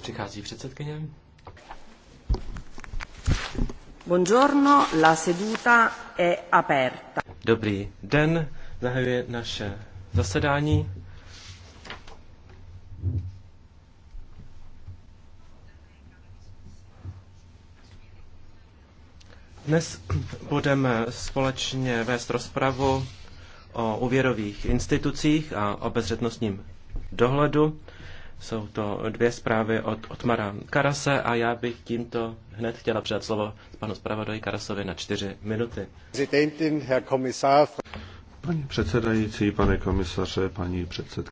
Přichází předsedkyně. Buongiorno, la seduta è aperta. Dobrý den, zahajuje naše zasedání. Dnes budeme společně vést rozpravu o úvěrových institucích a obezřetnostním dohledu. Jsou to dvě zprávy od Otmara Karase a já bych tímto hned chtěla předat slovo panu zpravodaji Karasovi na čtyři minuty. Paní předsedající, pane komisaře, paní předsedkyně.